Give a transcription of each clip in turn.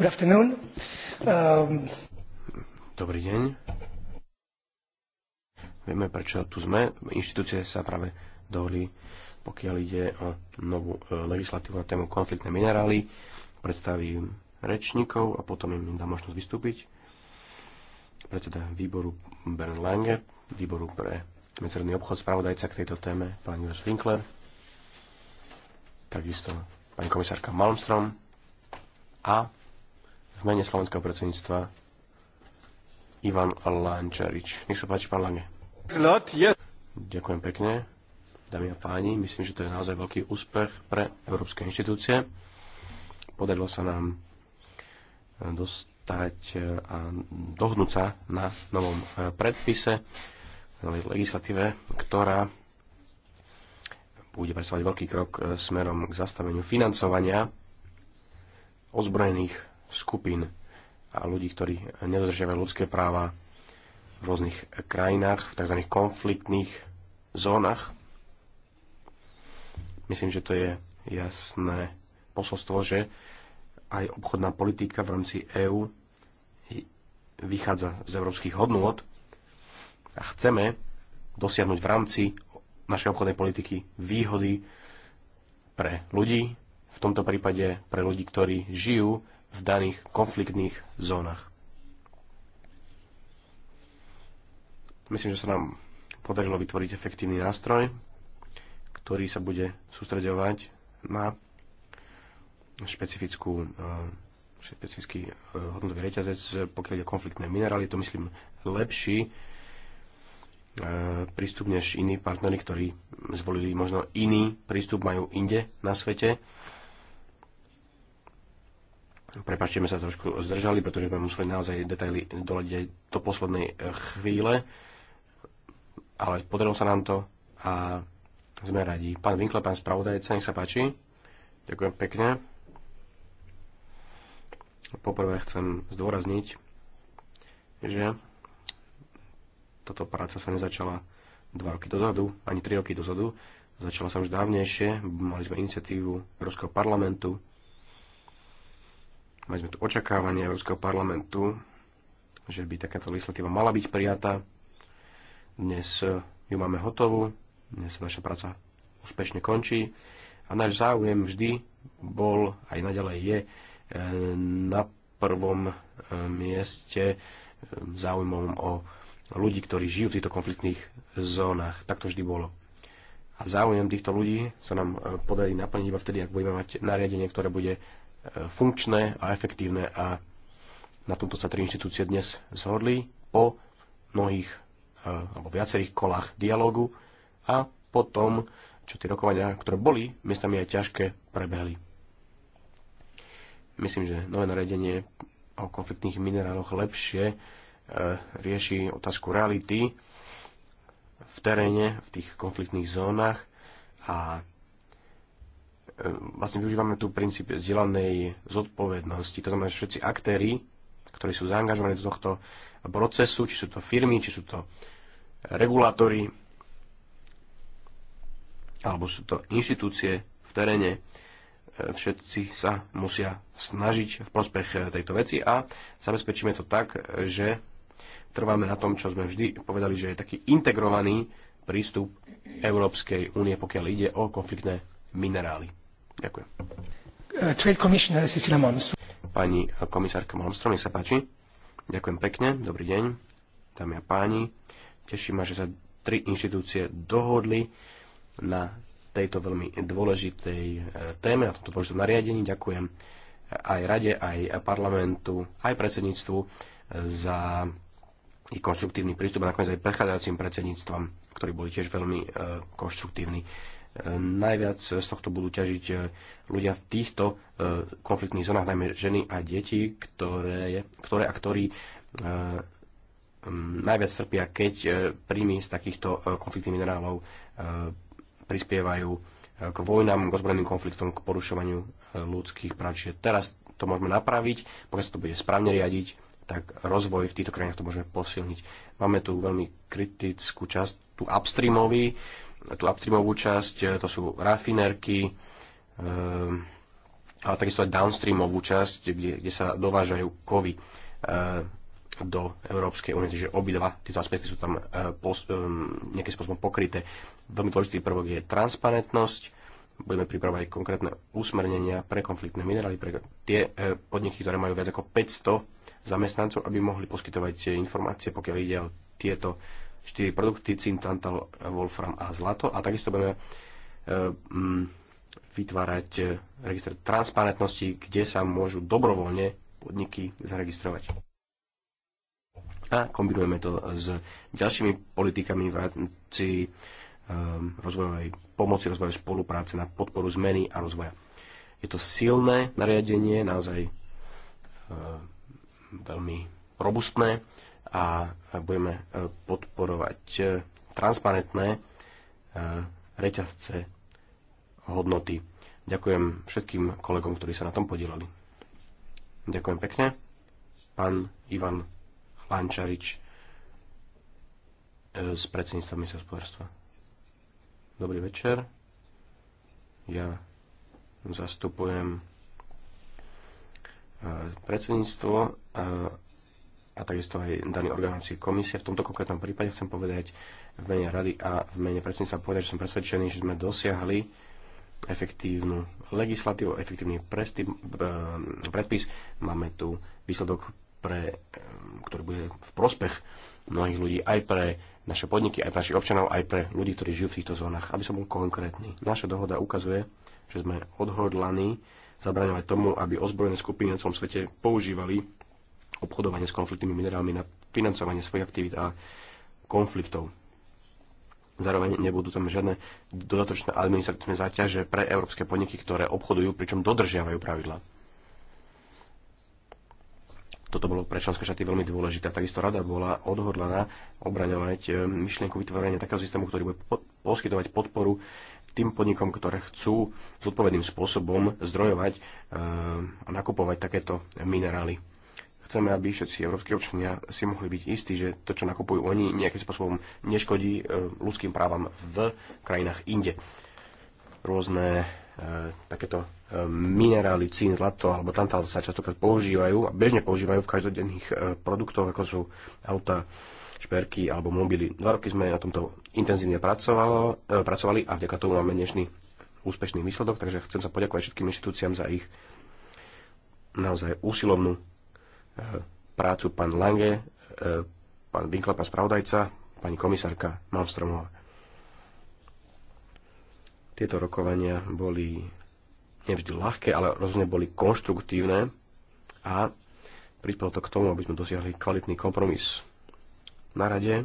Good afternoon. Um... Dobrý deň. Vieme, prečo tu sme. Inštitúcie sa práve dohodli, pokiaľ ide o novú e, legislatívu na tému konfliktné minerály. Predstavím rečníkov a potom im dá možnosť vystúpiť. Predseda výboru Bern Lange, výboru pre medzinárodný obchod, spravodajca k tejto téme, pán Jules Winkler, takisto pani komisárka Malmstrom a v mene slovenského predsedníctva Ivan Lančarič. Nech sa páči, pán Lange. Ďakujem pekne, dámy a páni. Myslím, že to je naozaj veľký úspech pre európske inštitúcie. Podarilo sa nám dostať e, a dohnúť sa na novom e, predpise, novej legislatíve, ktorá bude predstavovať veľký krok e, smerom k zastaveniu financovania ozbrojených skupín a ľudí, ktorí nedodržiavajú ľudské práva v rôznych krajinách, v tzv. konfliktných zónach. Myslím, že to je jasné posolstvo, že aj obchodná politika v rámci EÚ vychádza z európskych hodnôt a chceme dosiahnuť v rámci našej obchodnej politiky výhody pre ľudí, v tomto prípade pre ľudí, ktorí žijú v daných konfliktných zónach. Myslím, že sa nám podarilo vytvoriť efektívny nástroj, ktorý sa bude sústredovať na špecifickú, eh, špecifický eh, hodnotový reťazec, pokiaľ ide konfliktné minerály, to myslím lepší eh, prístup než iní partnery, ktorí zvolili možno iný prístup, majú inde na svete Prepačte, sme sa trošku zdržali, pretože sme museli naozaj detaily doľadiť do poslednej e, chvíle, ale podarilo sa nám to a sme radi. Pán Winkler, pán spravodajca, nech sa páči. Ďakujem pekne. Poprvé chcem zdôrazniť, že táto práca sa nezačala 2 roky dozadu, ani 3 roky dozadu. Začala sa už dávnejšie, mali sme iniciatívu Európskeho parlamentu, Mali sme tu očakávanie Európskeho parlamentu, že by takáto legislatíva mala byť prijatá. Dnes ju máme hotovú, dnes naša práca úspešne končí a náš záujem vždy bol, aj naďalej je, eh, na prvom eh, mieste eh, záujmom o ľudí, ktorí žijú v týchto konfliktných zónach. Tak to vždy bolo. A záujem týchto ľudí sa nám podarí naplniť iba vtedy, ak budeme mať nariadenie, ktoré bude funkčné a efektívne a na tomto sa tri inštitúcie dnes zhodli po mnohých e, alebo viacerých kolách dialogu a potom, čo tie rokovania, ktoré boli miestami aj ťažké, prebehli. Myslím, že nové nariadenie o konfliktných mineráloch lepšie e, rieši otázku reality v teréne, v tých konfliktných zónach a vlastne využívame tu princíp zdieľanej zodpovednosti. To znamená, že všetci aktéry, ktorí sú zaangažovaní do tohto procesu, či sú to firmy, či sú to regulátory, alebo sú to inštitúcie v teréne, e, všetci sa musia snažiť v prospech e, tejto veci a zabezpečíme to tak, že trváme na tom, čo sme vždy povedali, že je taký integrovaný prístup Európskej únie, pokiaľ ide o konfliktné minerály. Ďakujem. Uh, Trade Commissioner Cecilia Malmström. Pani komisárka Malmström, nech sa páči. Ďakujem pekne, dobrý deň, dámy a páni. Teší ma, že sa tri inštitúcie dohodli na tejto veľmi dôležitej eh, téme, na tomto dôležitom nariadení. Ďakujem aj rade, aj parlamentu, aj predsedníctvu eh, za ich konštruktívny prístup a nakoniec aj prechádzajúcim predsedníctvom, ktorí boli tiež veľmi eh, konštruktívni. Ehm, najviac z tohto budú ťažiť eh, ľudia v týchto eh, konfliktných zónach, najmä ženy a deti, ktoré, ktoré a ktorí eh, ehm, najviac trpia, keď príjmy z takýchto konfliktných minerálov prispievajú k vojnám, k ozbrojeným konfliktom, k porušovaniu ľudských práv. Čiže teraz to môžeme napraviť, pokiaľ sa to bude správne riadiť, tak rozvoj v týchto krajinách to môžeme posilniť. Máme tu veľmi kritickú časť, tu upstreamový, tú upstreamovú časť, e, to sú rafinerky, e, ale takisto aj downstreamovú časť, kde, kde sa dovážajú kovy e, do Európskej únie, čiže obidva tieto aspekty sú tam nejakým spôsobom pokryté. Veľmi dôležitý prvok je transparentnosť, budeme pripravovať konkrétne usmernenia pre konfliktné minerály, pre tie podniky, ktoré majú viac ako 500 zamestnancov, aby mohli poskytovať informácie, pokiaľ ide o tieto štyri produkty, cintantal, wolfram a zlato a takisto budeme e, mm, vytvárať e, register transparentnosti, kde sa môžu dobrovoľne podniky zaregistrovať. A kombinujeme to s ďalšími politikami v rámci e, rozvojovej pomoci, rozvojovej spolupráce na podporu zmeny a rozvoja. Je to silné nariadenie, naozaj veľmi robustné a budeme podporovať mať e, transparentné e, reťazce hodnoty. Ďakujem všetkým kolegom, ktorí sa na tom podielali. Ďakujem pekne. Pán Ivan Lančarič e, z predsedníctva ministerstva. Dobrý večer. Ja zastupujem predsedníctvo a takisto aj daný orgán komisie. V tomto konkrétnom prípade chcem povedať v mene rady a v mene predsednictva povedať, že som presvedčený, že sme dosiahli efektívnu legislatívu, efektívny e, predpis. Máme tu výsledok, pre, eh, ktorý bude v prospech mnohých ľudí, aj pre naše podniky, aj pre našich občanov, aj pre ľudí, ktorí žijú v týchto zónach. Aby som bol konkrétny, naša dohoda ukazuje, že sme odhodlaní zabraňovať tomu, aby ozbrojené skupiny na celom svete používali obchodovanie s konfliktnými minerálmi, na financovanie svojich aktivít a konfliktov. Zároveň nebudú tam žiadne dodatočné administratívne záťaže pre európske podniky, ktoré obchodujú, pričom dodržiavajú pravidla. Toto bolo pre členské štáty veľmi dôležité. Takisto rada bola odhodlaná obraňovať e, myšlienku vytvorenia takého systému, ktorý bude poskytovať podporu tým podnikom, ktoré chcú zodpovedným spôsobom zdrojovať e, a nakupovať takéto minerály. Chceme, aby všetci európsky občania si mohli byť istí, že to, čo nakupujú oni, nejakým spôsobom neškodí e, ľudským právam v krajinách inde. Rôzne e, takéto e, minerály, cín, zlato alebo tantal sa častokrát používajú a bežne používajú v každodenných produktoch, ako sú auta, šperky alebo mobily. Dva roky sme na tomto intenzívne pracovali a vďaka tomu máme dnešný úspešný výsledok, takže chcem sa poďakovať všetkým inštitúciám za ich naozaj úsilovnú prácu pán Lange, e, pán Winkler, pán spravodajca, pani komisárka Malmstromová. Tieto rokovania boli nevždy ľahké, ale rozhodne boli konštruktívne a prispelo to k tomu, aby sme dosiahli kvalitný kompromis. Na rade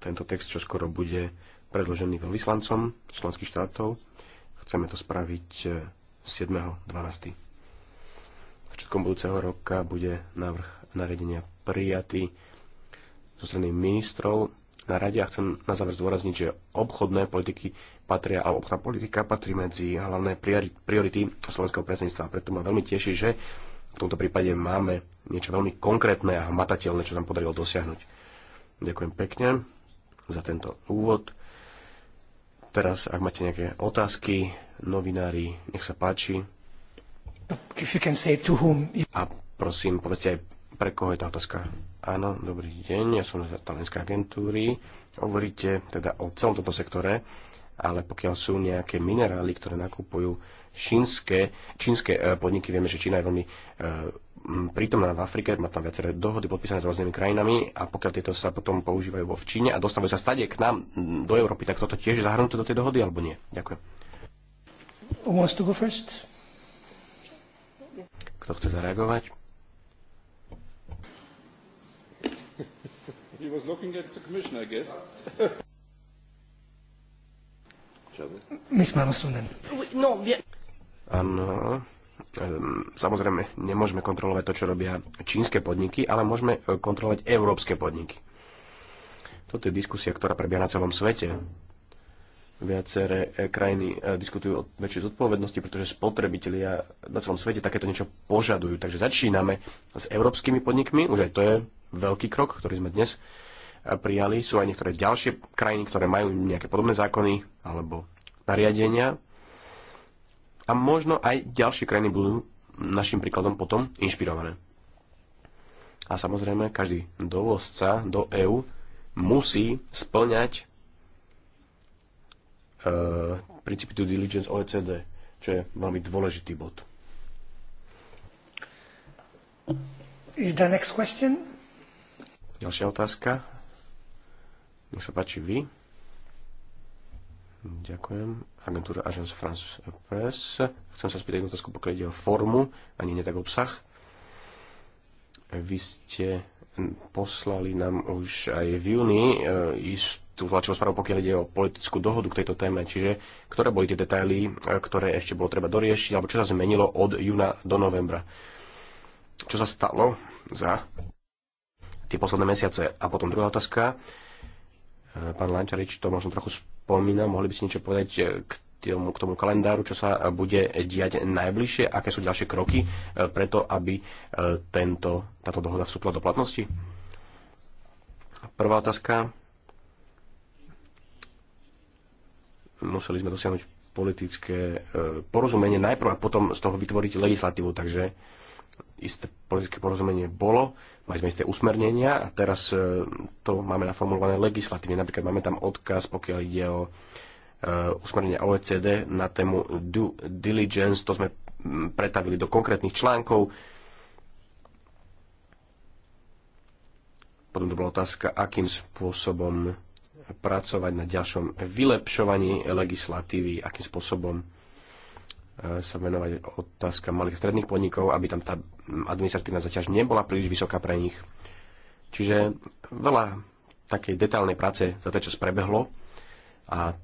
tento text čo skoro bude predložený veľvyslancom členských štátov. Chceme to spraviť 7.12. E, začiatkom budúceho roka bude návrh nariadenia prijatý zo strany ministrov na rade a chcem na záver zdôrazniť, že obchodné politiky patria, alebo obchodná politika patrí medzi hlavné priority slovenského predsedníctva. Preto ma veľmi teší, že v tomto prípade máme niečo veľmi konkrétne a hmatateľné, čo nám podarilo dosiahnuť. Ďakujem pekne za tento úvod. Teraz, ak máte nejaké otázky, novinári, nech sa páči. A prosím, povedzte aj pre koho je tá otázka. Áno, dobrý deň, ja som z talenskej agentúry. Hovoríte teda o celom tomto sektore, ale pokiaľ sú nejaké minerály, ktoré nakupujú čínske, čínske e, podniky, vieme, že Čína je veľmi e, prítomná v Afrike, má tam viaceré dohody podpísané s rôznymi krajinami a pokiaľ tieto sa potom používajú vo v Číne a dostávajú sa stade k nám do Európy, tak toto tiež je zahrnuté do tej dohody alebo nie? Ďakujem. Who wants to go first? Kto chce zareagovať? He was looking at the I guess. No, Áno. Ehm, samozrejme, nemôžeme kontrolovať to, čo robia čínske podniky, ale môžeme eh, kontrolovať európske podniky. Toto je diskusia, ktorá prebieha na celom svete viaceré e, krajiny e, diskutujú o väčšej zodpovednosti, pretože spotrebitelia na celom svete takéto niečo požadujú. Takže začíname s európskymi podnikmi, už aj to je veľký krok, ktorý sme dnes e, prijali. Sú aj niektoré ďalšie krajiny, ktoré majú nejaké podobné zákony alebo nariadenia. A možno aj ďalšie krajiny budú našim príkladom potom inšpirované. A samozrejme, každý dovozca do EÚ musí splňať Eh, princípy due diligence OECD, čo je veľmi dôležitý bod. Is the next question? Ďalšia otázka. Nech sa páči vy. Ďakujem. Agentúra Agence France Press. Chcem sa spýtať jednu otázku, pokiaľ ide o formu, ani nie tak obsah. Vy ste poslali nám už aj v júni eh, istú tú tlačovú správu, pokiaľ ide o politickú dohodu k tejto téme, čiže ktoré boli tie detaily, e, ktoré ešte bolo treba doriešiť, alebo čo sa zmenilo od júna do novembra. Čo sa stalo za tie posledné mesiace? A potom druhá otázka. E, pán Lančarič, to možno trochu spomína, mohli by ste niečo povedať e, k tomu, k tomu kalendáru, čo sa bude diať najbližšie, aké sú ďalšie kroky preto, aby tento, táto dohoda vstúpila do platnosti? Prvá otázka museli sme dosiahnuť politické e, porozumenie najprv a potom z toho vytvoriť legislatívu. Takže isté politické porozumenie bolo, mali sme isté usmernenia a teraz e, to máme naformulované legislatívne. Napríklad máme tam odkaz, pokiaľ ide o e, usmernenie OECD na tému due diligence, to sme pretavili do konkrétnych článkov. Potom to bola otázka, akým spôsobom pracovať na ďalšom vylepšovaní legislatívy, akým spôsobom e, sa venovať otázka malých stredných podnikov, aby tam tá administratívna zaťaž nebola príliš vysoká pre nich. Čiže veľa takej detálnej práce za to, čas prebehlo a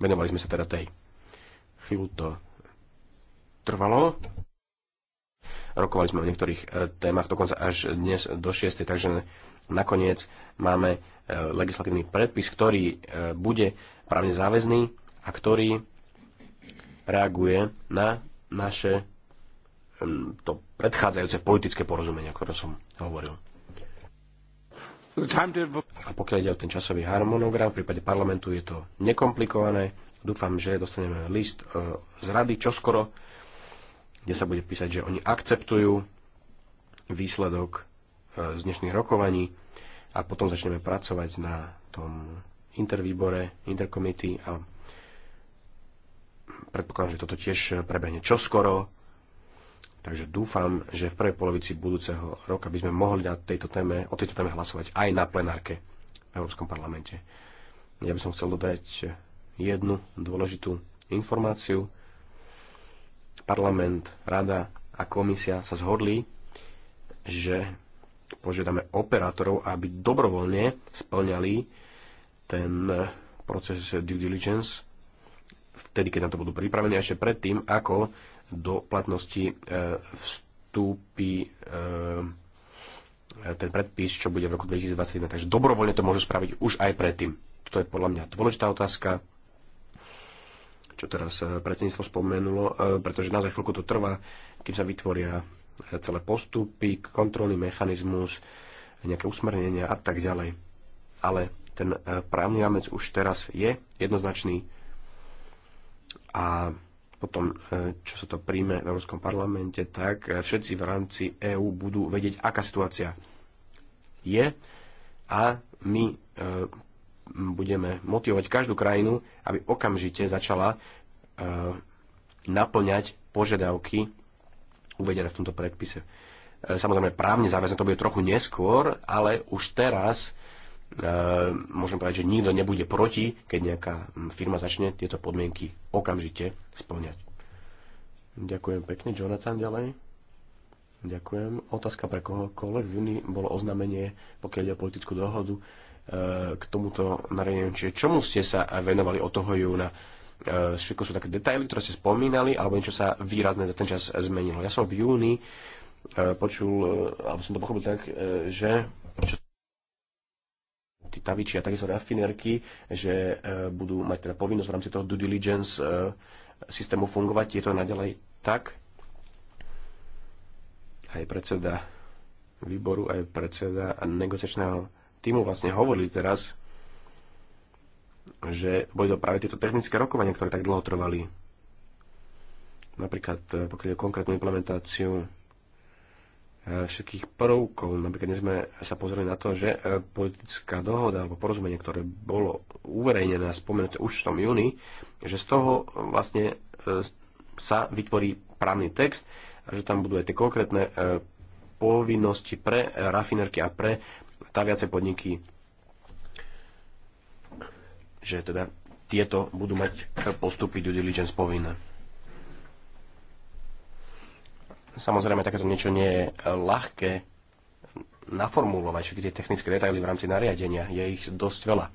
venovali sme sa teda tej. Chvíľu to trvalo. Rokovali sme o niektorých e, témach dokonca až dnes do 6. Takže Nakoniec máme e, legislatívny predpis, ktorý e, bude právne záväzný a ktorý reaguje na naše to predchádzajúce politické porozumenie, o ktorom som hovoril. A pokiaľ ide o ten časový harmonogram, v prípade parlamentu je to nekomplikované. Dúfam, že dostaneme list e, z rady čoskoro, kde sa bude písať, že oni akceptujú výsledok Eh, z dnešných rokovaní a potom začneme pracovať na tom intervýbore, interkomity a predpokladám, že toto tiež eh, prebehne čoskoro. Takže dúfam, že v prvej polovici budúceho roka by sme mohli na tejto téme, o tejto téme hlasovať aj na plenárke v Európskom parlamente. Ja by som chcel dodať eh, jednu dôležitú informáciu. Parlament, rada a komisia sa zhodli, že požiadame operátorov, aby dobrovoľne splňali ten proces due diligence vtedy, keď na to budú pripravení, ešte predtým, ako do platnosti e, vstúpi e, ten predpis, čo bude v roku 2021. Takže dobrovoľne to môžu spraviť už aj predtým. To je podľa mňa dôležitá otázka, čo teraz e, predsedníctvo spomenulo, pretože naozaj chvíľku to trvá, kým sa vytvoria celé postupy, kontrolný mechanizmus, nejaké usmernenia a tak ďalej. Ale ten e, právny rámec už teraz je jednoznačný a potom, e, čo sa to príjme v Európskom parlamente, tak e, všetci v rámci EÚ budú vedieť, aká situácia je a my budeme motivovať každú krajinu, aby okamžite začala naplňať požiadavky uvedené v tomto predpise. E, samozrejme, právne záväzne to bude trochu neskôr, ale už teraz e, môžem povedať, že nikto nebude proti, keď nejaká firma začne tieto podmienky okamžite splňať. Ďakujem pekne, Jonathan, ďalej. Ďakujem. Otázka pre kohokoľvek. V júni bolo oznámenie, pokiaľ ide o politickú dohodu, e, k tomuto nariadeniu. Čiže čomu ste sa venovali od toho júna? E, všetko sú také detaily, ktoré ste spomínali, alebo niečo sa výrazné za ten čas zmenilo. Ja som v júni e, počul, e, alebo som to pochopil tak, že tí taviči a takisto rafinerky, že budú mať teda povinnosť v rámci toho due diligence systému fungovať. Je to naďalej tak? Aj predseda výboru, aj predseda negociačného týmu vlastne hovorili teraz že boli to práve tieto technické rokovania, ktoré tak dlho trvali. Napríklad eh, pokiaľ konkrétnu implementáciu eh, všetkých prvkov. Napríklad dnes sme sa pozreli na to, že eh, politická dohoda alebo porozumenie, ktoré bolo uverejnené a spomenuté už v tom júni, že z toho vlastne sa vytvorí právny text a že tam budú aj tie konkrétne povinnosti pre rafinerky a pre taviace podniky že teda tieto budú mať postupy due diligence povinné. Samozrejme, takéto niečo nie je ľahké naformulovať všetky tie technické detaily v rámci nariadenia. Je ich dosť veľa.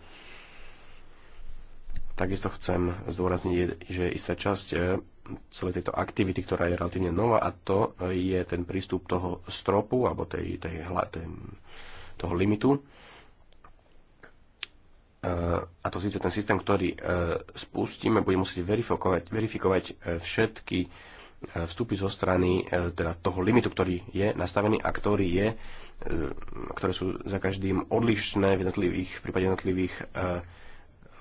Takisto chcem zdôrazniť, že istá časť eh, celej tejto aktivity, ktorá je relatívne nová a to je ten prístup toho stropu alebo tej, tej, tej, toho limitu Eh, a to síce ten systém, ktorý eh, spustíme, bude musieť verifikovať, verifikovať eh, všetky vstupy zo strany teda toho limitu, ktorý je nastavený a ktorý je, ktoré sú za každým odlišné v jednotlivých, v prípade jednotlivých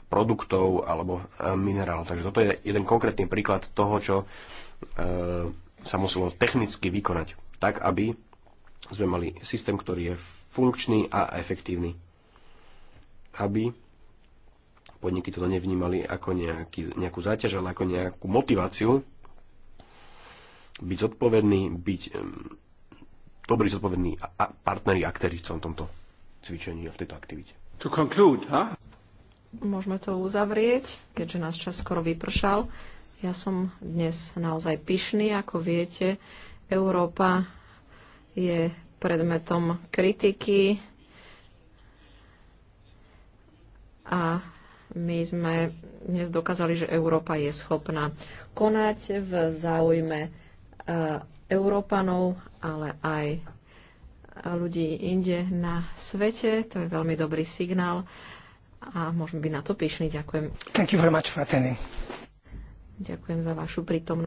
produktov alebo minerálov. Takže toto je jeden konkrétny príklad toho, čo sa muselo technicky vykonať, tak aby sme mali systém, ktorý je funkčný a efektívny. Aby podniky toto nevnímali ako nejaký, nejakú záťaž, ale ako nejakú motiváciu byť zodpovedný, byť um, dobrí zodpovední a, a partneri, aktéri v celom tomto cvičení a v tejto aktivite. To conclude, huh? Môžeme to uzavrieť, keďže nás čas skoro vypršal. Ja som dnes naozaj pyšný, ako viete. Európa je predmetom kritiky a my sme dnes dokázali, že Európa je schopná konať v záujme e, Európanov, ale aj ľudí inde na svete. To je veľmi dobrý signál a môžeme byť na to pyšní. Ďakujem. Thank you very much for attending. Ďakujem za vašu prítomnosť.